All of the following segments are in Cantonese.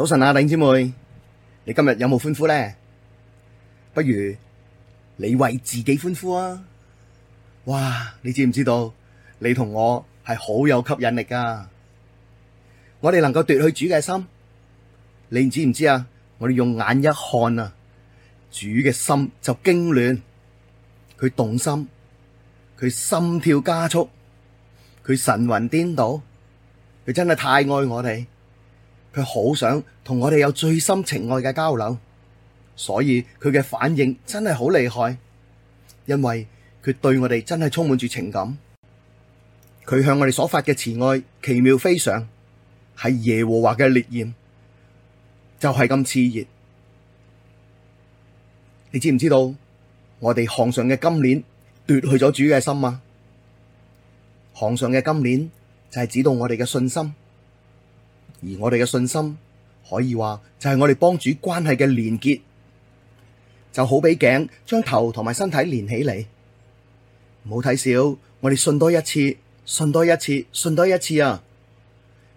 早晨啊，弟姐妹，你今日有冇歡呼咧？不如你為自己歡呼啊！哇，你知唔知道？你同我係好有吸引力噶我哋能夠奪去主嘅心，你知唔知啊？我哋用眼一看啊，主嘅心就驚亂，佢動心，佢心跳加速，佢神魂顛倒，佢真係太愛我哋。佢好想同我哋有最深情愛嘅交流，所以佢嘅反應真係好厲害，因為佢對我哋真係充滿住情感。佢向我哋所發嘅慈愛奇妙非常，係耶和華嘅烈焰，就係咁熾熱。你知唔知道我哋項上嘅金鏈奪去咗主嘅心啊？項上嘅金鏈就係指到我哋嘅信心。而我哋嘅信心，可以話就係我哋幫主關係嘅連結，就好比頸將頭同埋身體連起嚟。唔好睇少，我哋信多一次，信多一次，信多一次啊！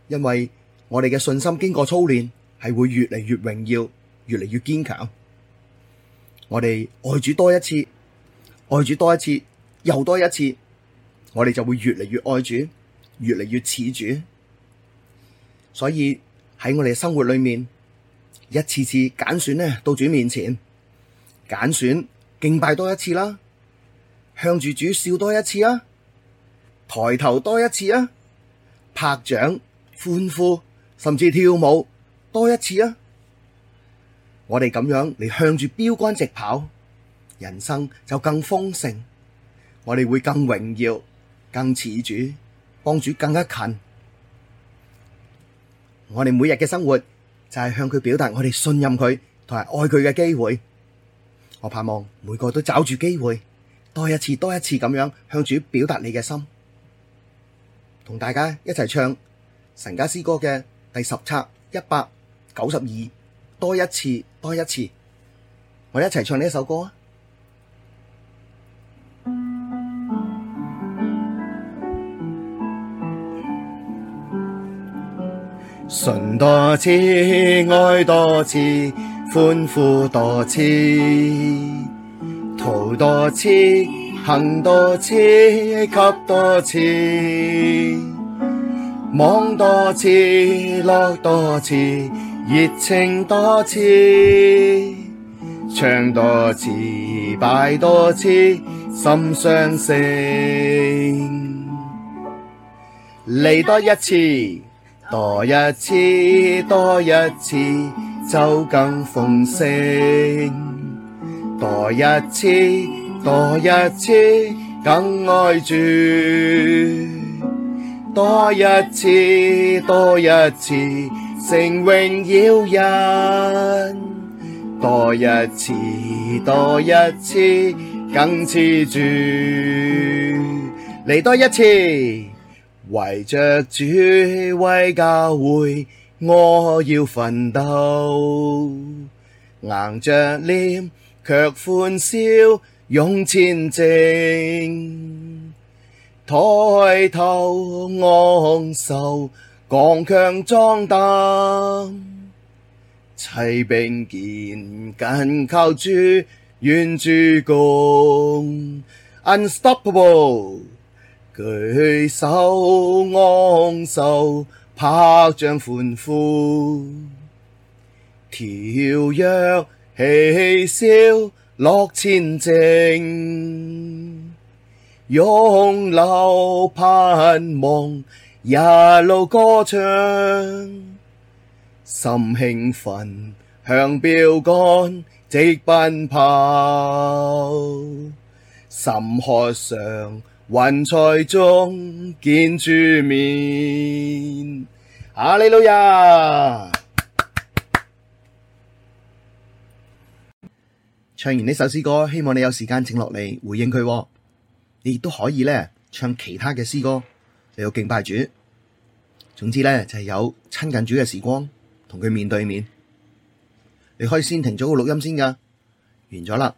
因為我哋嘅信心經過操練，係會越嚟越榮耀，越嚟越堅強。我哋愛主多一次，愛主多一次，又多一次，我哋就會越嚟越愛主，越嚟越似主。所以喺我哋生活裏面，一次次揀選嚟到主面前，揀選敬拜多一次啦，向住主笑多一次啊，抬頭多一次啊，拍掌歡呼，甚至跳舞多一次啊，我哋咁樣嚟向住標杆直跑，人生就更豐盛，我哋會更榮耀，更似主，幫主更加近。我哋每日嘅生活就係向佢表達我哋信任佢同埋愛佢嘅機會。我盼望每個都找住機會，多一次多一次咁樣向主表達你嘅心，同大家一齊唱《神家詩歌》嘅第十冊一百九十二，多一次多一次，我一齊唱呢一首歌啊！信多次，愛多次，歡呼多次，禱多次，行多次，給多次，望多次，樂多次，熱情多次，唱多次，拜多次，心上升，嚟多一次。多一次，多一次，就更豐盛；多一次，多一次，更愛主；多一次，多一次，成榮耀人；多一次，多一次，更似主。嚟多一次。為著主，為教會，我要奮鬥，硬着臉卻歡笑，勇前征，抬頭昂首，剛強壯膽，齊並肩，緊靠主，完主工，Unstoppable。Un 舉手昂首，拍掌歡呼，跳躍、喜笑，樂前征，湧流盼望，一路歌唱，心興奮，向標竿直奔跑，心渴想。雲彩中見住面，阿里路亞！唱完呢首詩歌，希望你有時間靜落嚟回應佢喎。你亦都可以咧唱其他嘅詩歌嚟到敬拜主。總之咧就係有親近主嘅時光，同佢面對面。你可以先停咗個錄音先噶，完咗啦，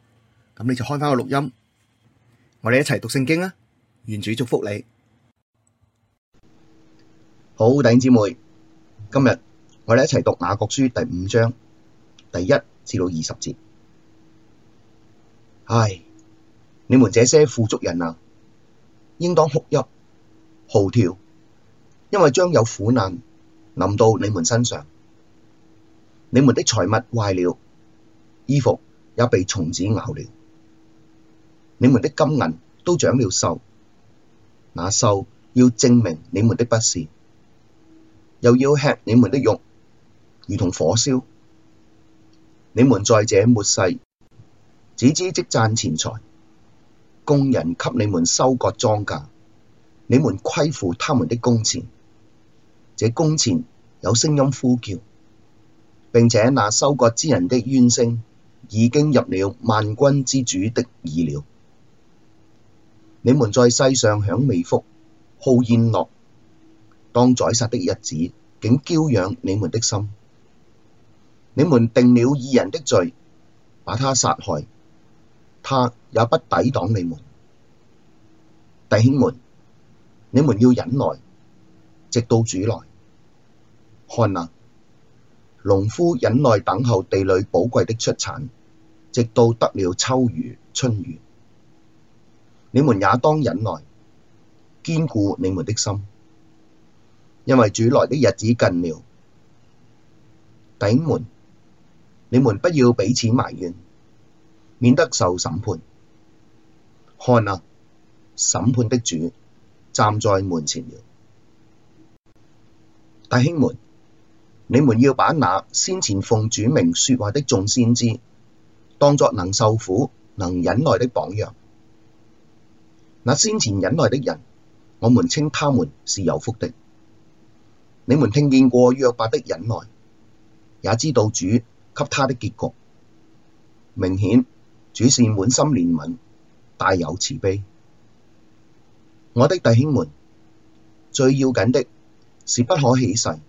咁你就開返個錄音，我哋一齊讀聖經啊！願主祝福你，好弟兄姊妹。今日我哋一齊讀雅各書第五章第一至到二十節。唉，你們這些富足人啊，應當哭泣、號咷，因為將有苦難臨到你們身上。你們的財物壞了，衣服也被蟲子咬了，你們的金銀都長了鏽。那銹要證明你們的不是，又要吃你們的肉，如同火燒。你們在這末世，只知積攢錢財，工人給你們收割莊稼，你們虧負他們的工錢。這工錢有聲音呼叫，並且那收割之人的冤聲已經入了萬軍之主的耳了。你們在世上享美福，好宴樂，當宰殺的日子，竟嬌養你們的心。你們定了義人的罪，把他殺害，他也不抵擋你們。弟兄們，你們要忍耐，直到主來。看哪，農夫忍耐等候地裡寶貴的出產，直到得了秋雨春雨。你們也當忍耐，堅固你們的心，因為主來的日子近了。弟兄們，你們不要彼此埋怨，免得受審判。看啊，審判的主站在門前了。弟兄們，你們要把那先前奉主名說話的眾先知，當作能受苦、能忍耐的榜樣。那先前忍耐的人，我們稱他們是有福的。你們聽見過約伯的忍耐，也知道主給他的結局。明顯主是滿心憐憫，大有慈悲。我的弟兄們，最要緊的是不可起誓，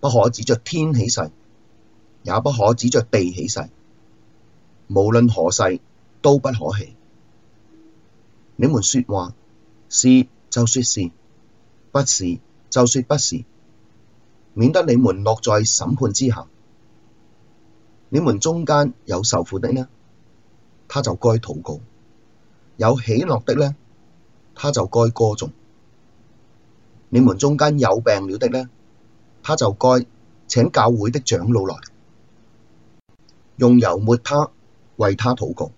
不可指著天起誓，也不可指著地起誓。無論何誓，都不可起。你們說話，是就說是，不是就說不是，免得你們落在審判之下。你們中間有受苦的呢，他就該禱告；有喜樂的呢，他就該歌頌。你們中間有病了的呢，他就該請教會的長老來，用油抹他，為他禱告。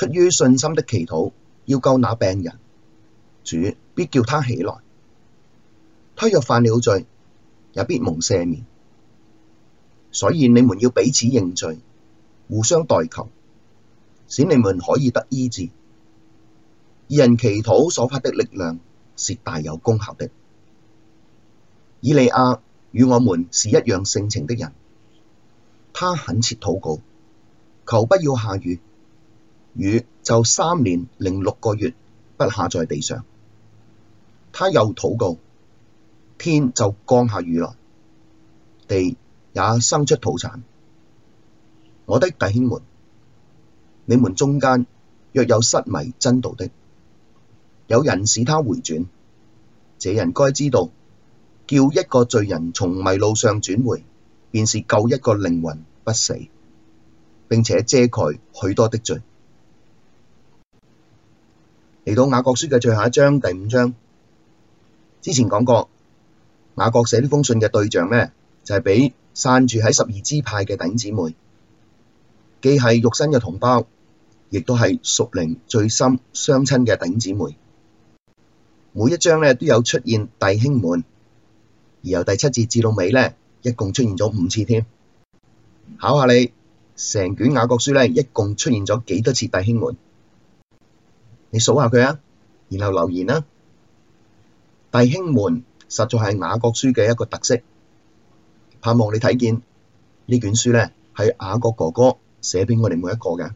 出於信心的祈禱，要救那病人，主必叫他起來。他若犯了罪，也必蒙赦免。所以你們要彼此認罪，互相代求，使你們可以得醫治。義人祈禱所發的力量是大有功效的。以利亞與我們是一樣性情的人，他懇切禱告，求不要下雨。雨就三年零六個月不下在地上。他又禱告，天就降下雨來，地也生出土產。我的弟兄們，你們中間若有失迷真道的，有人使他回轉，這人該知道，叫一個罪人從迷路上轉回，便是救一個靈魂不死，並且遮蓋許多的罪。嚟到雅各書嘅最後一章第五章，之前講過，雅各寫呢封信嘅對象呢，就係畀散住喺十二支派嘅頂姊妹，既係肉身嘅同胞，亦都係屬靈最深相親嘅頂姊妹。每一章呢，都有出現弟兄們，而由第七節至到尾呢，一共出現咗五次添。考下你，成卷雅各書呢，一共出現咗幾多次弟兄們？你數下佢啊，然後留言啦。弟兄們實在係雅各書嘅一個特色，盼望你睇見呢卷書咧，係雅各哥哥寫畀我哋每一個嘅。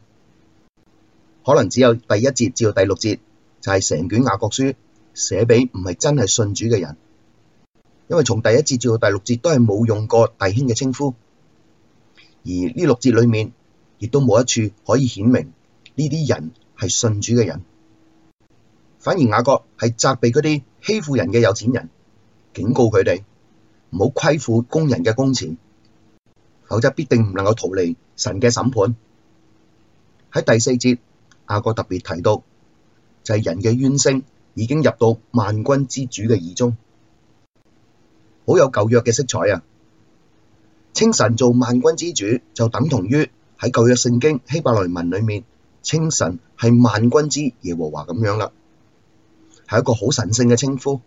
可能只有第一節至到第六節就係成卷雅各書寫俾唔係真係信主嘅人，因為從第一節至到第六節都係冇用過弟兄嘅稱呼，而呢六節裡面亦都冇一處可以顯明呢啲人係信主嘅人。反而雅各係責備嗰啲欺負人嘅有錢人，警告佢哋唔好虧負工人嘅工錢，否則必定唔能夠逃離神嘅審判。喺第四節，雅各特別提到就係、是、人嘅冤聲已經入到萬軍之主嘅耳中，好有舊約嘅色彩啊！稱神做萬軍之主，就等同於喺舊約聖經希伯來文裏面稱神係萬軍之耶和華咁樣啦。係一個好神聖嘅稱呼，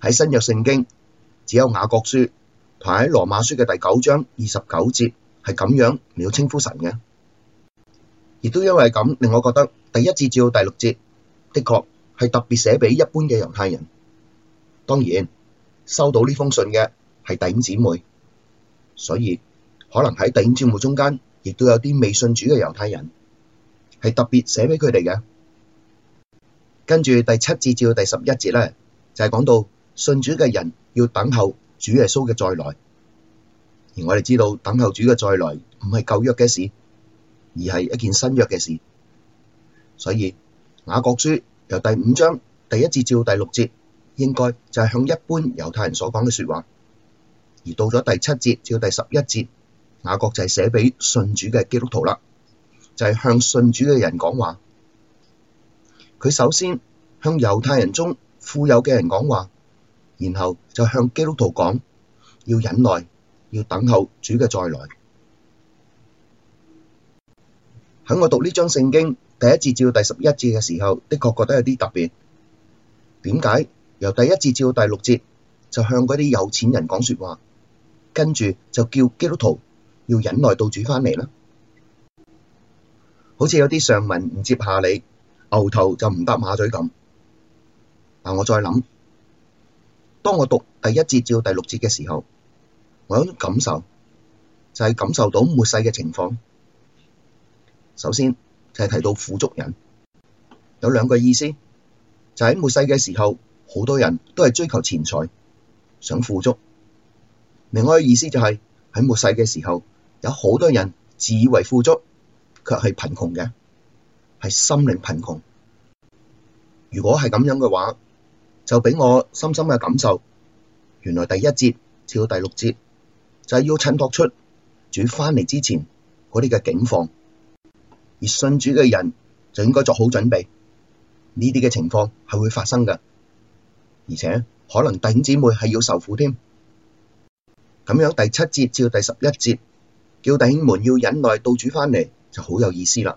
喺新約聖經只有雅各書排喺羅馬書嘅第九章二十九節係咁樣嚟到稱呼神嘅，亦都因為咁令我覺得第一節至到第六節的確係特別寫俾一般嘅猶太人。當然收到呢封信嘅係弟兄姊妹，所以可能喺弟兄姊妹中間亦都有啲未信主嘅猶太人係特別寫俾佢哋嘅。跟住第七節至至到第十一節咧，就係、是、講到信主嘅人要等候主耶穌嘅再來。而我哋知道等候主嘅再來唔係舊約嘅事，而係一件新約嘅事。所以雅各書由第五章第一節至到第六節，應該就係向一般猶太人所講嘅說話。而到咗第七節至到第十一節，雅各就係寫俾信主嘅基督徒啦，就係、是、向信主嘅人講話。佢首先向猶太人中富有嘅人講話，然後就向基督徒講要忍耐，要等候主嘅再來。喺我讀呢章聖經第一節至到第十一節嘅時候，的確覺得有啲特別。點解由第一節至到第六節就向嗰啲有錢人講説話，跟住就叫基督徒要忍耐到主翻嚟啦？好似有啲上文唔接下理。牛頭就唔搭馬嘴咁，但我再諗，當我讀第一節至到第六節嘅時候，我有種感受就係感受到末世嘅情況。首先就係提到富足人，有兩個意思，就喺末世嘅時候，好多人都係追求錢財，想富足。另外一個意思就係喺末世嘅時候，有好多人自以為富足，卻係貧窮嘅。係心靈貧窮。如果係咁樣嘅話，就俾我深深嘅感受。原來第一節至到第六節就係、是、要襯托出主翻嚟之前嗰啲嘅境況，而信主嘅人就應該作好準備。呢啲嘅情況係會發生噶，而且可能弟兄姊妹係要受苦添。咁樣第七節至到第十一節叫弟兄們要忍耐到主翻嚟就好有意思啦。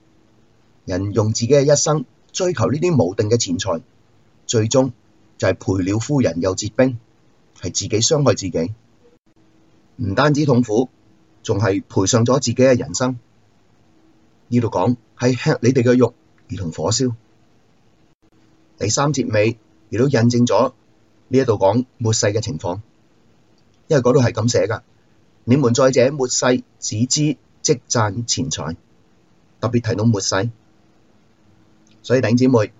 人用自己嘅一生追求呢啲無定嘅錢財，最終就係賠了夫人又折兵，係自己傷害自己，唔單止痛苦，仲係賠上咗自己嘅人生。呢度講係吃你哋嘅肉如同火燒。第三節尾亦都印證咗呢一度講末世嘅情況，因為嗰度係咁寫噶：你們在這末世只知積攢錢財，特別提到末世。所以，頂姐妹，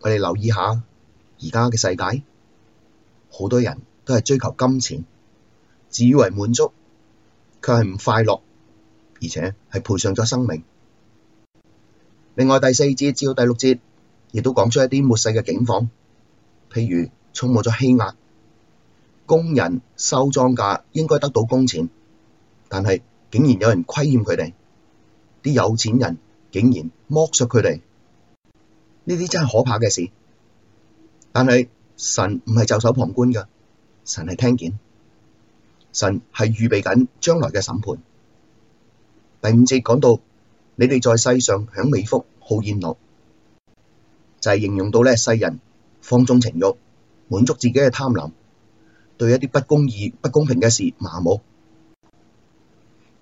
我哋留意下而家嘅世界，好多人都係追求金錢，自以為滿足，卻係唔快樂，而且係賠上咗生命。另外第四節至到第六節，亦都講出一啲末世嘅境況，譬如充滿咗欺壓，工人收莊稼應該得到工錢，但係竟然有人虧欠佢哋，啲有錢人竟然剝削佢哋。呢啲真係可怕嘅事，但係神唔係袖手旁觀噶，神係聽見，神係預備緊將來嘅審判。第五節講到你哋在世上享美福、好宴樂，就係、是、形容到咧世人放縱情欲，滿足自己嘅貪婪，對一啲不公義、不公平嘅事麻木。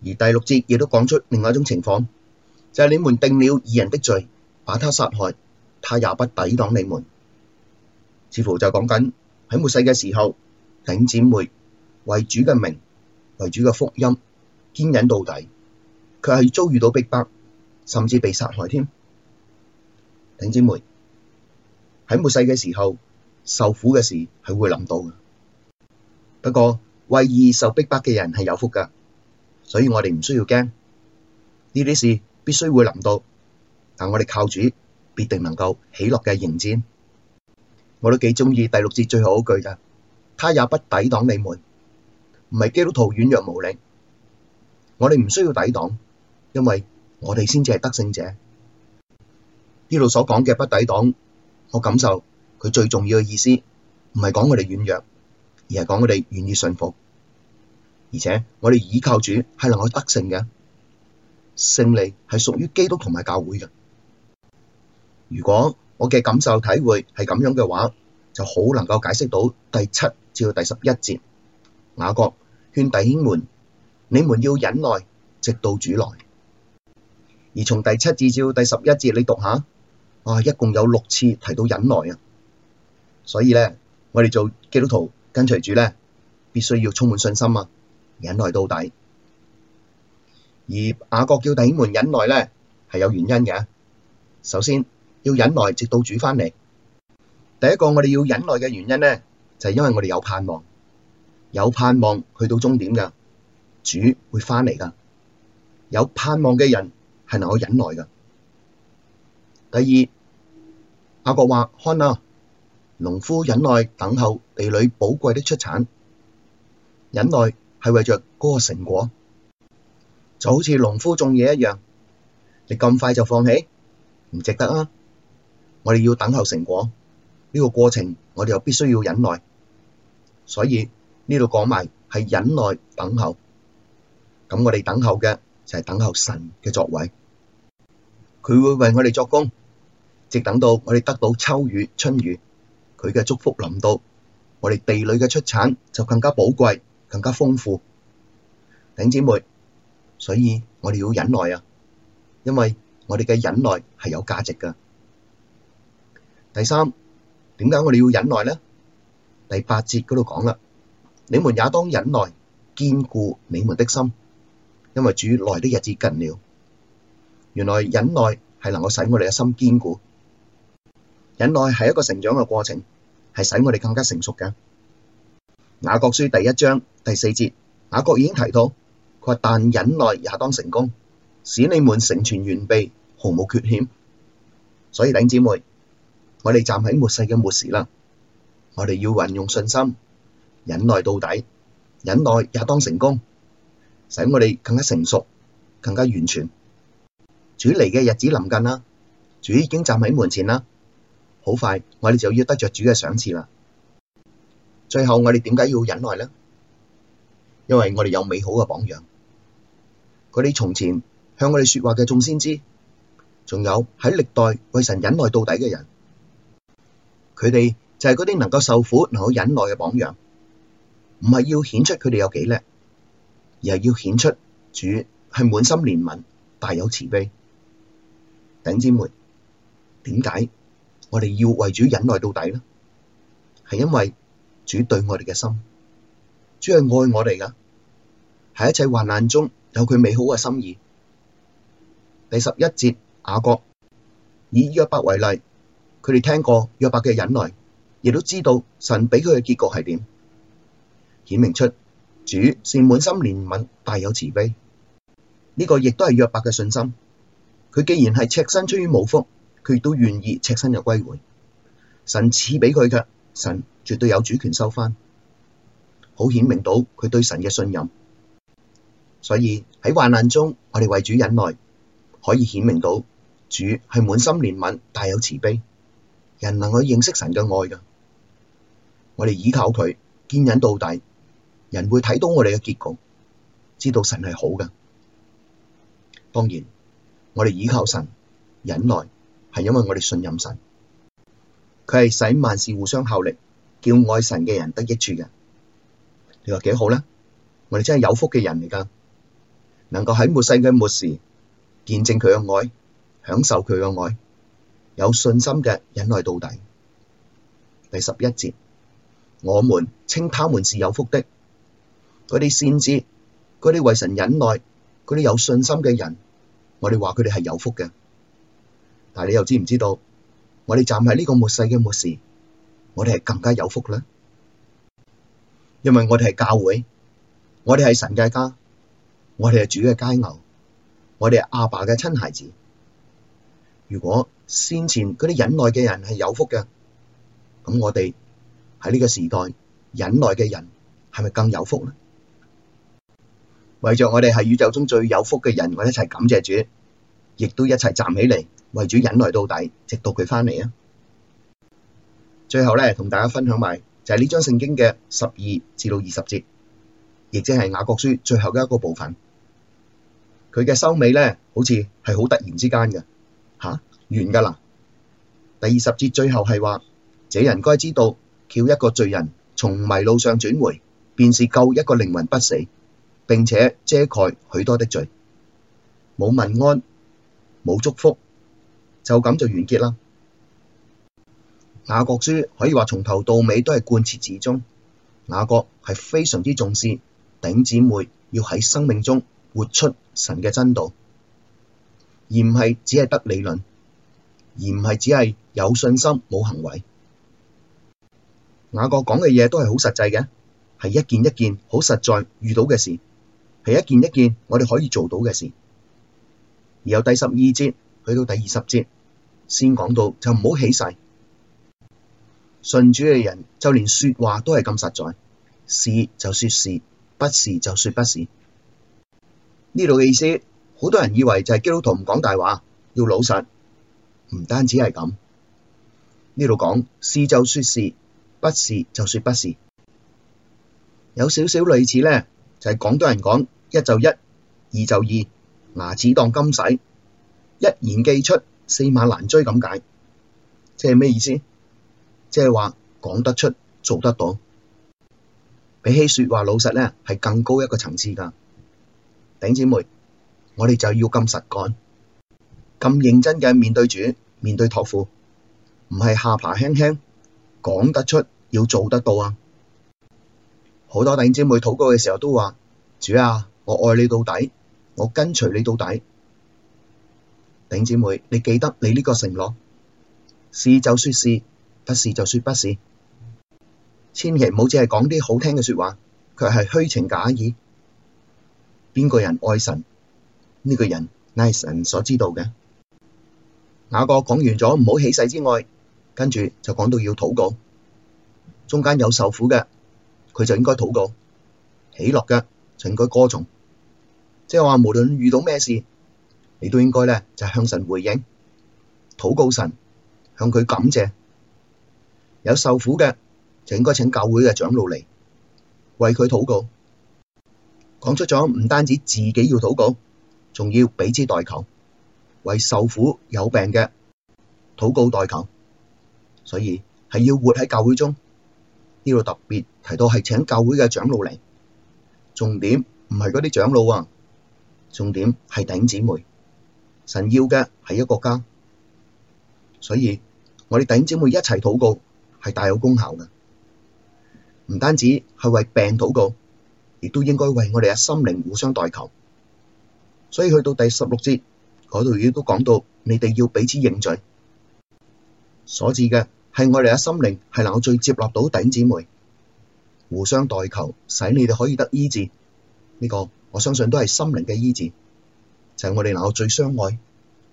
而第六節亦都講出另外一種情況，就係、是、你們定了義人的罪，把他殺害。他也不抵擋你們，似乎就講緊喺末世嘅時候，弟兄姊妹為主嘅名、為主嘅福音堅忍到底，卻係遭遇到逼迫，甚至被殺害添。弟兄姊妹喺末世嘅時候受苦嘅事係會諗到嘅，不過為義受逼迫嘅人係有福噶，所以我哋唔需要驚，呢啲事必須會諗到，但我哋靠主。必定能夠喜樂嘅迎戰。我都幾鍾意第六節最後嗰句㗎，他也不抵擋你們，唔係基督徒軟弱無力。我哋唔需要抵擋，因為我哋先至係得勝者。呢度所講嘅不抵擋，我感受佢最重要嘅意思，唔係講我哋軟弱，而係講我哋願意信服，而且我哋倚靠主係能夠得勝嘅。勝利係屬於基督同埋教會嘅。如果我嘅感受體會係咁樣嘅話，就好能夠解釋到第七至到第十一節。雅各勸弟兄們：你們要忍耐，直到主來。而從第七至到第十一節，你讀下啊、哦，一共有六次提到忍耐啊。所以咧，我哋做基督徒跟隨主咧，必須要充滿信心啊，忍耐到底。而雅各叫弟兄們忍耐咧，係有原因嘅。首先，要忍耐，直到主返嚟。第一個，我哋要忍耐嘅原因呢，就係、是、因為我哋有盼望，有盼望去到終點嘅主會返嚟噶。有盼望嘅人係能夠忍耐嘅。第二，阿國話，看啊，農夫忍耐等候地裏寶貴的出產，忍耐係為着嗰個成果，就好似農夫種嘢一樣。你咁快就放棄，唔值得啊！我哋要等候成果，呢、這個過程我哋又必須要忍耐，所以呢度講埋係忍耐等候。咁我哋等候嘅就係、是、等候神嘅作為，佢會為我哋作工，直等到我哋得到秋雨春雨，佢嘅祝福臨到，我哋地裏嘅出產就更加寶貴，更加豐富。頂姊妹，所以我哋要忍耐啊，因為我哋嘅忍耐係有價值噶。第三點解我哋要忍耐呢？第八節嗰度講啦，你們也當忍耐，堅固你們的心，因為主來的日子近了。原來忍耐係能夠使我哋嘅心堅固，忍耐係一個成長嘅過程，係使我哋更加成熟嘅。雅各書第一章第四節，雅各已經提到，佢話但忍耐也當成功，使你們成全完備，毫無缺欠。所以，頂姐妹。我哋站喺末世嘅末時啦，我哋要運用信心，忍耐到底，忍耐也當成功，使我哋更加成熟，更加完全。主嚟嘅日子臨近啦，主已經站喺門前啦，好快我哋就要得着主嘅賞賜啦。最後我哋點解要忍耐呢？因為我哋有美好嘅榜樣，佢哋從前向我哋說話嘅眾先知，仲有喺歷代為神忍耐到底嘅人。佢哋就係嗰啲能夠受苦、能夠忍耐嘅榜樣，唔係要顯出佢哋有幾叻，而係要顯出主係滿心憐憫、大有慈悲。弟姊妹，點解我哋要為主忍耐到底咧？係因為主對我哋嘅心，主係愛我哋噶，喺一切患難中有佢美好嘅心意。第十一節雅各，以約伯為例。佢哋聽過約伯嘅忍耐，亦都知道神畀佢嘅結局係點，顯明出主是滿心憐憫、大有慈悲。呢、這個亦都係約伯嘅信心。佢既然係赤身出於母腹，佢亦都願意赤身又歸回。神賜畀佢嘅，神絕對有主權收翻，好顯明到佢對神嘅信任。所以喺患難中，我哋為主忍耐，可以顯明到主係滿心憐憫、大有慈悲。人能去認識神嘅愛噶，我哋依靠佢堅忍到底，人會睇到我哋嘅結局，知道神係好噶。當然，我哋依靠神忍耐，係因為我哋信任神，佢係使萬事互相效力，叫愛神嘅人得益處嘅。你話幾好咧？我哋真係有福嘅人嚟噶，能夠喺末世嘅末時見證佢嘅愛，享受佢嘅愛。有信心嘅忍耐到底。第十一節，我們稱他們是有福的，佢哋先知，佢哋為神忍耐，佢哋有信心嘅人，我哋話佢哋係有福嘅。但係你又知唔知道，我哋站喺呢個末世嘅末時，我哋係更加有福啦，因為我哋係教會，我哋係神嘅家，我哋係主嘅佳偶，我哋係阿爸嘅親孩子。如果先前嗰啲忍耐嘅人係有福嘅，咁我哋喺呢個時代忍耐嘅人係咪更有福呢？為著我哋係宇宙中最有福嘅人，我一齊感謝主，亦都一齊站起嚟，為主忍耐到底，直到佢返嚟啊！最後咧，同大家分享埋就係呢章聖經嘅十二至到二十節，亦即係雅各書最後嘅一個部分。佢嘅收尾咧，好似係好突然之間嘅吓。啊完噶啦！第二十節最後係話：這人該知道，叫一個罪人從迷路上轉回，便是救一個靈魂不死，並且遮蓋許多的罪。冇問安，冇祝福，就咁就完結啦。雅各書可以話從頭到尾都係貫徹始終。雅各係非常之重視頂姊妹要喺生命中活出神嘅真道，而唔係只係得理論。而唔係只係有信心冇行為，雅各講嘅嘢都係好實際嘅，係一件一件好實在遇到嘅事，係一件一件我哋可以做到嘅事。而由第十二節去到第二十節，先講到就唔好起誓，信主嘅人就連說話都係咁實在，是就說是，不是就說不是。呢度嘅意思，好多人以為就係基督徒唔講大話，要老實。唔單止係咁，呢度講是就説是，不是就説不是。有少少類似呢，就係廣東人講一就一，二就二，牙齒當金使，一言既出，駟馬難追咁解。即係咩意思？即係話講得出，做得到，比起説話老實呢，係更高一個層次噶。頂姐妹，我哋就要咁實幹。咁認真嘅面對主，面對託付，唔係下巴輕輕講得出，要做得到啊！好多頂姐妹禱告嘅時候都話：主啊，我愛你到底，我跟隨你到底。頂姐妹，你記得你呢個承諾，是就說是，不是就說不是，千祈唔好只係講啲好聽嘅說話，卻係虛情假意。邊個人愛神呢？呢個人乃係神所知道嘅。下一個講完咗唔好起誓之外，跟住就講到要禱告，中間有受苦嘅，佢就應該禱告；喜樂嘅，就應該歌頌。即係話無論遇到咩事，你都應該咧就向神回應，禱告神，向佢感謝。有受苦嘅就應該請教會嘅長老嚟為佢禱告。講出咗唔單止自己要禱告，仲要彼此代求。為受苦有病嘅禱告代求，所以係要活喺教會中。呢度特別提到係請教會嘅長老嚟，重點唔係嗰啲長老啊，重點係弟兄姊妹。神要嘅係一個家，所以我哋弟兄姊妹一齊禱告係大有功效嘅。唔單止係為病禱告，亦都應該為我哋嘅心靈互相代求。所以去到第十六節。我度亦都講到，你哋要彼此認罪，所致嘅係我哋嘅心靈係能夠最接納到弟兄姊妹，互相代求，使你哋可以得醫治。呢個我相信都係心靈嘅醫治，就係我哋能夠最相愛、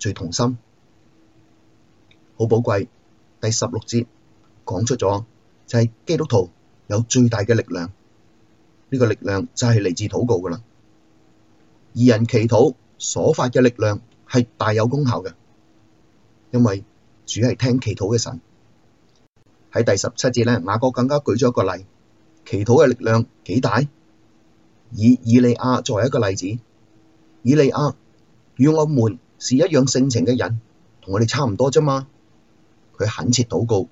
最同心，好寶貴。第十六節講出咗，就係基督徒有最大嘅力量，呢個力量就係嚟自禱告噶啦。義人祈禱所發嘅力量。係大有功效嘅，因為主係聽祈禱嘅神。喺第十七節咧，雅各更加舉咗一個例，祈禱嘅力量幾大。以以利亞作為一個例子，以利亞與我們是一樣性情嘅人，同我哋差唔多啫嘛。佢懇切禱告，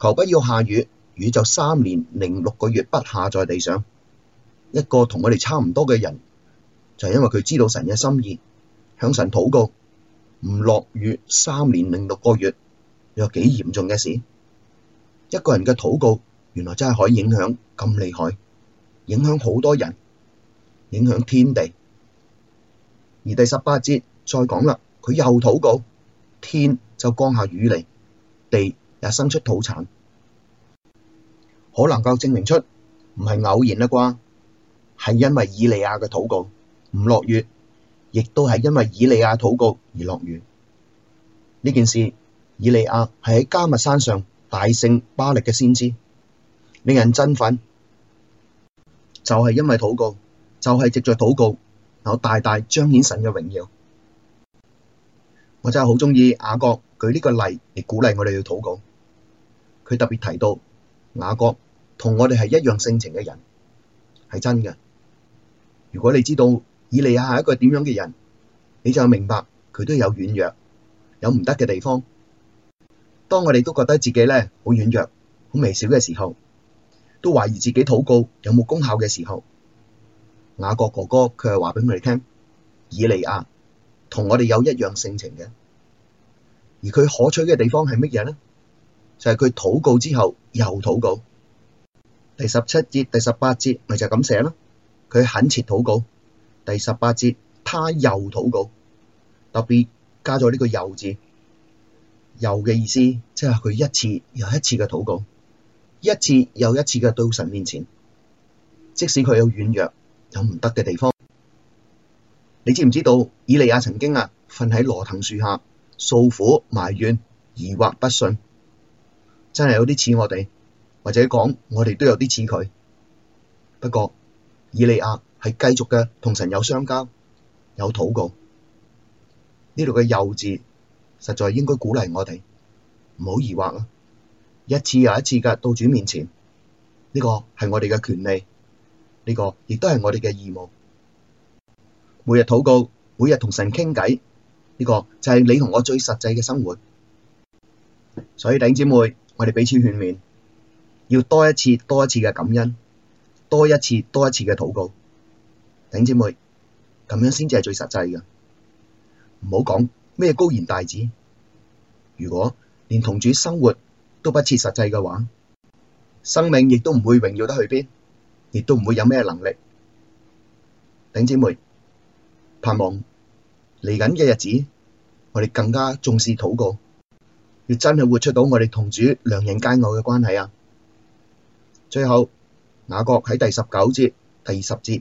求不要下雨，雨就三年零六個月不下在地上。一個同我哋差唔多嘅人，就係、是，因為佢知道神嘅心意。向神禱告，唔落雨三年零六個月，有幾嚴重嘅事？一個人嘅禱告原來真係可以影響咁厲害，影響好多人，影響天地。而第十八節再講啦，佢又禱告，天就降下雨嚟，地也生出土產，可能夠證明出唔係偶然啦啩，係因為以利亞嘅禱告唔落雨。亦都係因為以利亞禱告而落雨呢件事，以利亞係喺迦密山上大勝巴力嘅先知，令人振奮。就係、是、因為禱告，就係藉着禱告，有大大彰顯神嘅榮耀。我真係好鍾意雅各舉呢個例嚟鼓勵我哋去禱告。佢特別提到雅各同我哋係一樣性情嘅人，係真嘅。如果你知道。以利亞係一個點樣嘅人？你就明白佢都有軟弱，有唔得嘅地方。當我哋都覺得自己咧好軟弱、好微小嘅時候，都懷疑自己禱告有冇功效嘅時候，雅各哥哥佢係話畀我哋聽：以利亞同我哋有一樣性情嘅，而佢可取嘅地方係乜嘢咧？就係佢禱告之後又禱告，第十七節、第十八節咪就咁寫咯。佢懇切禱告。第十八節，他又禱告，特別加咗呢個又字，又嘅意思，即係佢一次又一次嘅禱告，一次又一次嘅到神面前，即使佢有軟弱有唔得嘅地方，你知唔知道？以利亞曾經啊，瞓喺羅藤樹下，訴苦埋怨疑惑不信，真係有啲似我哋，或者講我哋都有啲似佢，不過以利亞。係繼續嘅同神有相交，有禱告。呢度嘅幼稚，實在應該鼓勵我哋，唔好疑惑啊！一次又一次嘅到主面前，呢個係我哋嘅權利，呢個亦都係我哋嘅義務。每日禱告，每日同神傾偈，呢個就係你同我最實際嘅生活。所以弟兄姊妹，我哋彼此勸勉，要多一次多一次嘅感恩，多一次多一次嘅禱告。頂姐妹，咁樣先至係最實際噶。唔好講咩高言大智。如果連同主生活都不切實際嘅話，生命亦都唔會榮耀得去邊，亦都唔會有咩能力。頂姐妹，盼望嚟緊嘅日子，我哋更加重視禱告，要真係活出到我哋同主良人佳偶嘅關係啊！最後雅各喺第十九節、第二十節。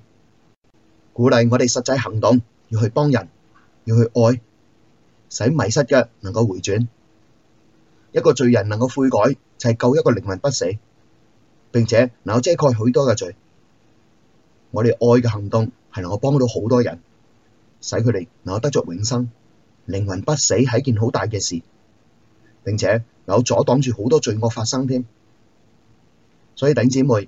鼓勵我哋實際行動，要去幫人，要去愛，使迷失嘅能夠回轉。一個罪人能夠悔改，就係、是、救一個靈魂不死，並且能夠遮蓋許多嘅罪。我哋愛嘅行動係能夠幫到好多人，使佢哋能夠得着永生，靈魂不死係一件好大嘅事，並且能夠阻擋住好多罪惡發生添。所以頂姊妹，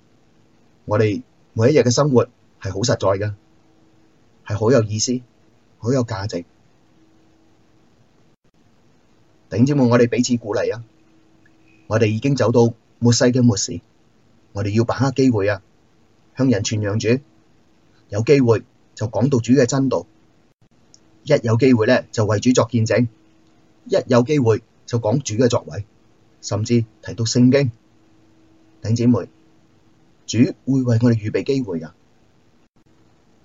我哋每一日嘅生活係好實在㗎。係好有意思，好有價值。頂姐妹，我哋彼此鼓勵啊！我哋已經走到末世嘅末時，我哋要把握機會啊！向人傳揚主，有機會就講到主嘅真道，一有機會咧就為主作見證，一有機會就講主嘅作為，甚至提到聖經。頂姐妹，主會為我哋預備機會噶。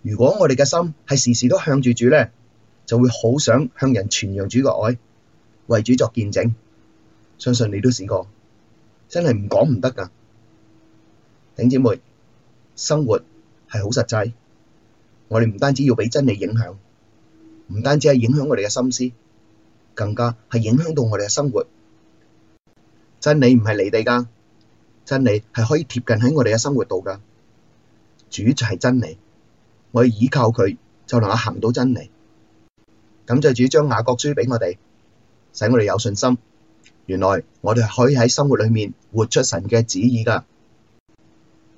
如果我哋嘅心係時時都向住主咧，就會好想向人傳揚主嘅愛，為主作見證。相信你都試過，真係唔講唔得噶。頂姐妹，生活係好實際，我哋唔單止要畀真理影響，唔單止係影響我哋嘅心思，更加係影響到我哋嘅生活。真理唔係離地噶，真理係可以貼近喺我哋嘅生活度噶。主就係真理。我以依靠佢，就能夠行到真理。咁就主將雅各書畀我哋，使我哋有信心。原來我哋可以喺生活裏面活出神嘅旨意噶。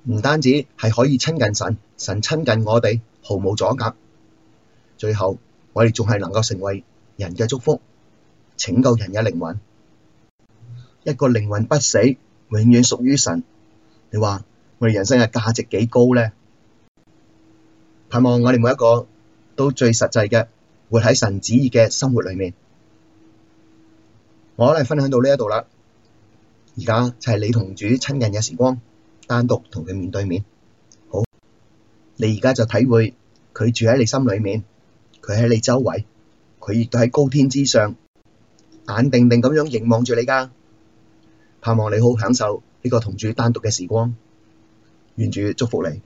唔單止係可以親近神，神親近我哋毫無阻隔。最後我哋仲係能夠成為人嘅祝福，拯救人嘅靈魂。一個靈魂不死，永遠屬於神。你話我哋人生嘅價值幾高咧？盼望我哋每一個都最實際嘅，活喺神旨意嘅生活裏面。我咧分享到呢一度啦，而家就係你同主親近嘅時光，單獨同佢面對面。好，你而家就體會佢住喺你心裏面，佢喺你周圍，佢亦都喺高天之上，眼定定咁樣凝望住你噶。盼望你好享受呢個同主單獨嘅時光。願主祝福你。